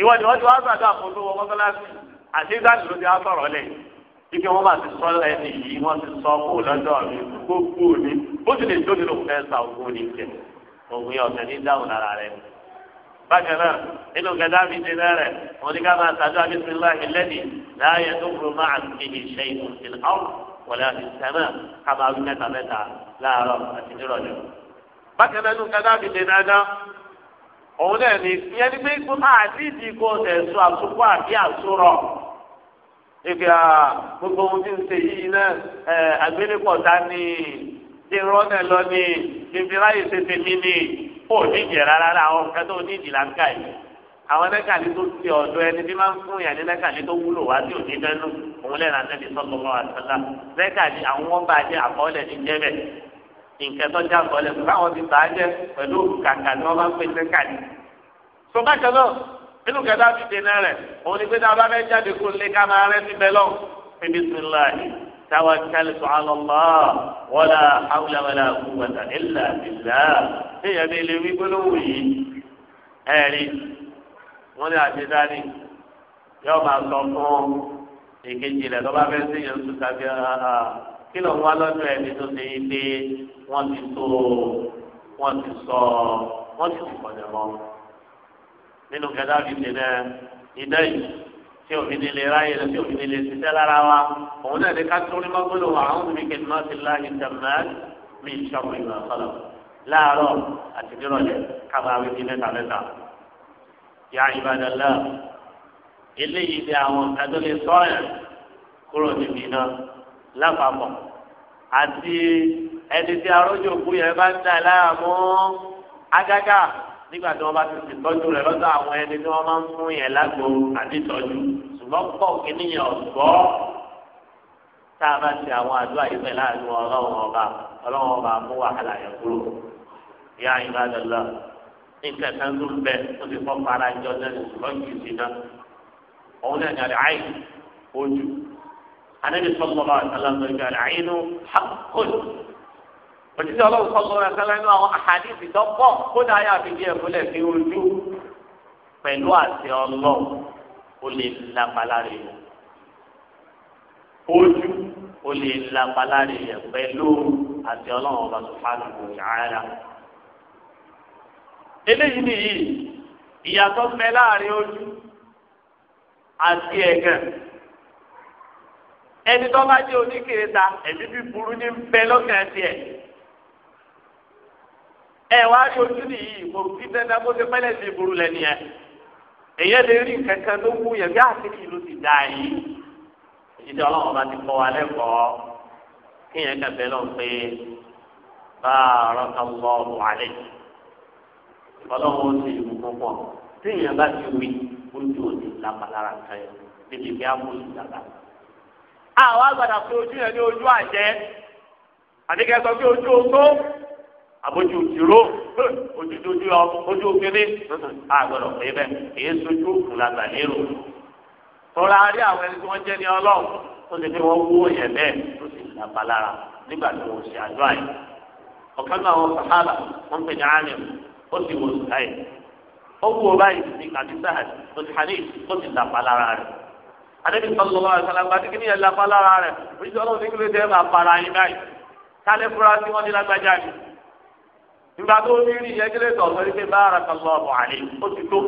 B: ìwọ ni wọn ti wá gbàgbé àfọwọ́sowọ́ mọ́sálásí àti ìdánilóde á sọ̀rọ̀ lẹ́yìn ike wọn bá ti sọ ẹni yìí wọn ti sọ kó lọ́dọ̀ mi gbogbo ni bó ti lè tó nínú fẹ́ sa ogun ní tẹ òun yẹ ọ̀sẹ̀ ní dáhùn lára rẹ. bákan náà nínú gẹ̀dá mi ti rẹ̀ rẹ̀ wọn ká máa sàdúrà bísíláì lẹ́nìí láàyè tó kúrò máa ń fi ìṣe ìmùsìn ọ̀rùn wọlé àti sẹ́mẹ̀ ká máa wí mẹ́ta mẹ́ta láàárọ̀ àti nírọ̀lẹ́. bákan náà nínú gẹ̀dá mi ti náà ìgbà gbogbo ohun tí ń ṣe yìí náà ẹ àgbélépọ̀tà ni ti rọ́nà lọ ni bíbí ráyè tètè mí ni ó níjẹ rárá àwọn nǹkan tó níjì là ń kà yìí àwọn nẹ́kàlí tó ti ọ̀dọ̀ ẹni bí máa ń fún yàn ní nẹ́kàlí tó wúlò wá sí òní dánú òun lẹ́nu àtẹ́bí sọ́kọ̀ mọ́ àtàlà nẹ́kàlí àwọn wọn bá jẹ́ àkọọ́lẹ̀ ní jẹ́bẹ̀ nǹkan jẹ́ àkọọ́lẹ̀ fún ti bàá jẹ́ pẹ̀lú kàkà nínú kẹta fi dènà rẹ̀ òun ni pé tá a bá fẹ́ jáde kó lé ká máa rẹ́ síbẹ̀ lọ. bisimilahi tawakkaltu ala Allah wala hawla wala quwwata illa billah. èèyàn mi lè wí gbólóhùn yìí ẹ̀rí wọ́n ní àṣedáni yóò máa sọ fún èkejì rẹ̀ lọ́ba fẹ́ sí yẹn sùn tàbí ah, ah, ah. kí ló ń wá lọ́dọ̀ ẹni tó ṣe ilé wọ́n ti tó wọ́n ti sọ wọ́n ti kọ̀dẹ̀ mọ́ nínú gàdáfi dènà iná yìí tí òfin ilé ráyè lọ tí òfin ilé ṣiṣẹ́ lára wa òun náà ní ká tó ní mọ́gbọ́dọ̀ wà áwọn òbí kẹ́tì máa ti láàyè tẹ̀mẹ́ mi ìṣàkóso ìgbà fọlọ́ láàárọ̀ àti nírọ̀lẹ́ kábàáwí ní mẹ́ta mẹ́ta. ya ibadallah eléyìí ni àwọn adúlé sọ́ọ̀yà kúrò níbi iná lápapọ̀ àti ẹni tí arójò kú yẹn bá ń dà láàmú ágágá nígbà tí wọ́n bá ti ṣètọ́jú rẹ̀ lọ́dọ̀ àwọn ẹni tí wọ́n máa ń fún yẹn lágbo àdìtọ́jú ṣùgbọ́n pọ̀ kíní yẹn ọ̀gbọ́ tá a bá ṣe àwọn àdúrà yìí pẹ̀lú àánú ọlọ́run ọba ọlọ́run ọba mú wàhálà yẹn kúrò yá ìbádọ́lá nǹkan kan tó ń bẹ ó ti fọ́ fara jọ lẹ́nu ṣùgbọ́n kì í sí náà òun náà ní àyè ojú anábì sọ́kọ̀ọ́ òjijì ọlọ́run kọ́ sọ́ra sẹ́lẹ̀ nínú àwọn àhàdìsì tó pọ̀ kódà ayé àfijì ẹ̀ fúnlẹ̀ fi ojú pẹ̀lú àti ọlọ́run ó lè lápalára rẹ̀ ojú ó lè lápalára rẹ̀ pẹ̀lú àti ọlọ́run ọba subhanahu wa ta'ala. eléyìí nìyí ìyàtọ̀ mẹ́ láàrin ojú àti ẹ̀gàn ẹni tó bá jẹ́ oníkèrè ta ẹ̀mí bí burú ní bẹ́ẹ̀ lọ́kàn tiẹ̀. ẹ wá aṣojú nìyí ìbòrú títẹ náà bó ṣe pẹ̀lẹ́ sí ìbòrú lẹni ẹ èyẹ lè rí nǹkan kan tó yẹn bí àtìkì ló ti dá yìí ìdí ọlọ́run bá ti kọ́ wa lẹ́kọ̀ọ́ kí yẹn kẹfẹ́ lọ pé báàrọ̀ lọ́ọ̀rù tí yẹn bá ti wí ojú òní lápalára kan yẹn níbi bí amúlù dàgbà. àwọn àgbàdà pé ojú yẹn ní ojú àbójú tìró ojú dojú ojú kínní àgbọ̀dọ̀ pé bẹ́ẹ̀ èyí sojú òkú làgbà lérò. tọ́lá rí àwọn ẹni tí wọ́n jẹ́ ní ọlọ́run tó ti fi wọ́n wó yẹn bẹ́ẹ̀ tó sì làbà lára nígbà tí wọ́n ṣe àjọ àyè. ọ̀kan náà wọ́n sàhábà wọ́n pè ní àmì ó sì wò sí àyè. ó wú o báyìí ní àti sáhàdì ó ti hàní ó sì làbà lára rẹ̀. adébí sọlọ́lá àgbàlagbà tí kìnìyàn làbà lára rẹ̀ ìgbà tó o ti rí yẹn kílẹ̀ tó ọ̀sán wípé barakallahu alayhi ó ti tó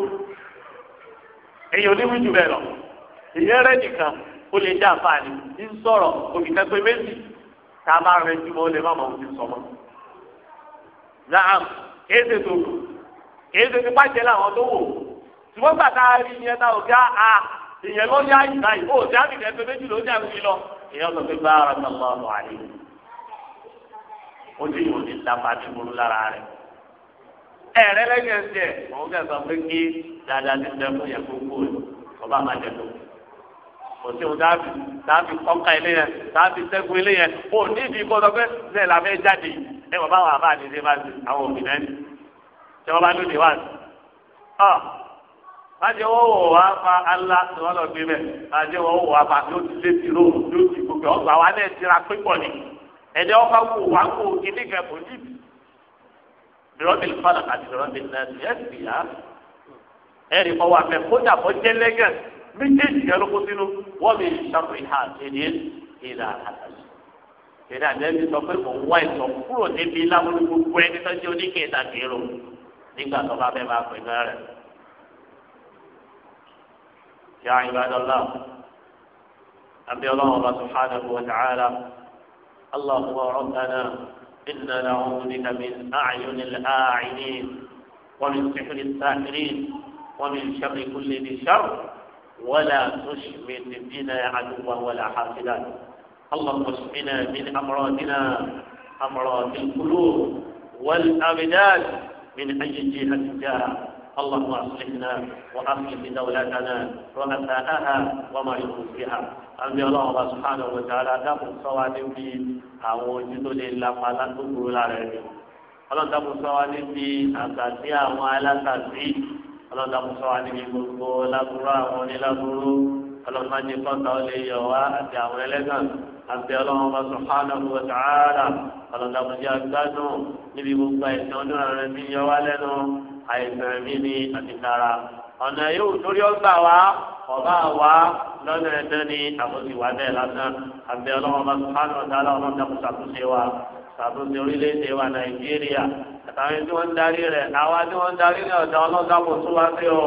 B: èyí oníwí jù bẹ́ẹ̀ lọ ìyẹn rẹ nìkan ó lè jẹ́ àǹfààní ń sọ̀rọ̀ òkìtẹ́pẹ́ méjì tá a bá rẹ jù mọ́ ó lè má mọ̀ òun ti sọ mọ́. naam kìí tó kìí ṣe ti bàjẹ́ làwọn tó wò ṣùgbọ́n gbà tá a rí yẹn tá òkè àá ìyẹn ló ní àyíká yìí ó ti àbìkẹ́ pé méjì ló ní àbìkí lọ ìyẹn lọ ó sì wò ní lápá tí mo lára rẹ̀ ẹ̀rẹ́ lẹ́yìn ẹsẹ̀ òun kẹ́ sọ pé kí dáadáa ti tẹ fún yẹn gbogbo rẹ̀ ọba máa jẹ tó kò sí òun dáàbì dáàbì kọ́ńkà ilé yẹn dáàbì sẹ́gun ilé yẹn kò ní ibi kọ́ sọ pé ṣe là fẹ́ jáde ẹ wọ́n bá wà bá àdìsí bá ti àwọn òbí náà ṣé wọ́n bá lóde wá sí ọ májẹ wọ́n wò wá fa alá tí wọ́n lọ gbé bẹ́ẹ̀ májẹ wọ́n wò wá fa yóò ti lé tìró yóò ti gbogbo ọgbà wa náà ti ra pípọ̀ ni ẹni ọba kò wá kò kíní kẹ kò ní bi dùrọ́bì fàlà àti dùrọ́bì náà ti ẹ̀ sì yá ẹ̀rì kọ́ wà fẹ́ kódà kọ́ jẹ́lẹ́gẹ̀ méjèèjì yẹn ló kó sínú wọ́n mi sọ̀rọ̀ ìhà ẹni ìlà àtàlù ìdí àdébí sọ pé kò wá ìtọ̀ kúrò níbi lábúrú gbogbo ẹni tó jẹ́ oníkè ìdàgbèrò nígbà tó bá fẹ́ máa pè náà rẹ̀. yàrá ìbádọ́lá àbí ọlọ́run ọba sùhánà bò wọ́n اللهم ربنا إنا نعوذ بك من أعين الآعينين ومن سحر الساحرين ومن شر كل ذي شر ولا تشمت بنا عدوا ولا حاسدا اللهم اشفنا من أمراضنا أمراض القلوب والأبدان من أي جهة جاءت اللهم اصلحنا واصلح دولتنا رؤساءها وما يكون فيها àmì ọlọ́run bá sùpánù ọ̀gọ̀dà aládàkùn sọ́wá níbi àwọn ojú tó lè lapa látòkúrò lára ẹni ọlọ́dàkùn sọ́wá níbi àgbàdì àwọn alátàdì ọlọ́dàkùn sọ́wá níbi gbogbo lábúrò àwọn onílábúrò ọlọ́mọdé kọ́ta ó lè yọ̀ wá àti àwọn ẹlẹ́gàn àbí ọlọ́run bá sọ̀hánà wọ sàárà ọlọ́dàkùnjẹ́ agbádùn níbi gbogbo àìsàn ọdún ààrẹ bí yọ wá lẹ́nu àìsàn mi ní àtìkára ọ̀nà yóò torí ọgbà wá ọba wá lọ́nà ẹ̀dẹ́ ní àbòsí wà bẹ́ẹ̀ lásán àbẹ̀ ọlọ́wọ́ bá sùpánù ọ̀dà ọlọ́wọ́ dàkú ṣàtúnṣe wa ṣàtúnṣe orílẹ̀-èdè wa nàìjíríà àtàwọn tí wọ́n ń darí rẹ̀ àwọn tí wọ́n ń darí rẹ̀ ọ̀dà ọlọ́dàkú tó wá sí o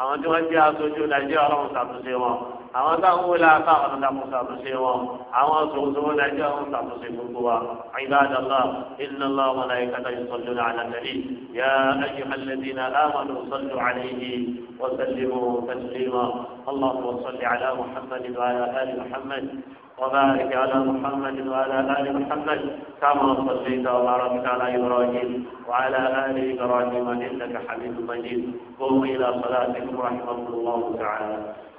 B: àwọn tí wọ́n jẹ́ aṣojú nàìjíríà ọlọ́wọ́ ṣàtúnṣe wọn àwọn táwọn wọlé afa ọ̀nà dàmú ṣàtúnṣe wọn àwọn sòwòsòwò nàìjíríà wọn ṣàtúnṣe gbogbo wa ibadallah inna allah wa malaikata yusalluna ala nabi ya ayyuhal ladina amanu sallu alayhi wa sallimu taslima allahumma salli ala muhammad wa ala ali muhammad وبارك على محمد وعلى آل محمد كما صليت وباركت على إبراهيم وعلى آل إبراهيم إنك حميد مجيد قوموا إلى صلاتكم رحمة الله
A: تعالى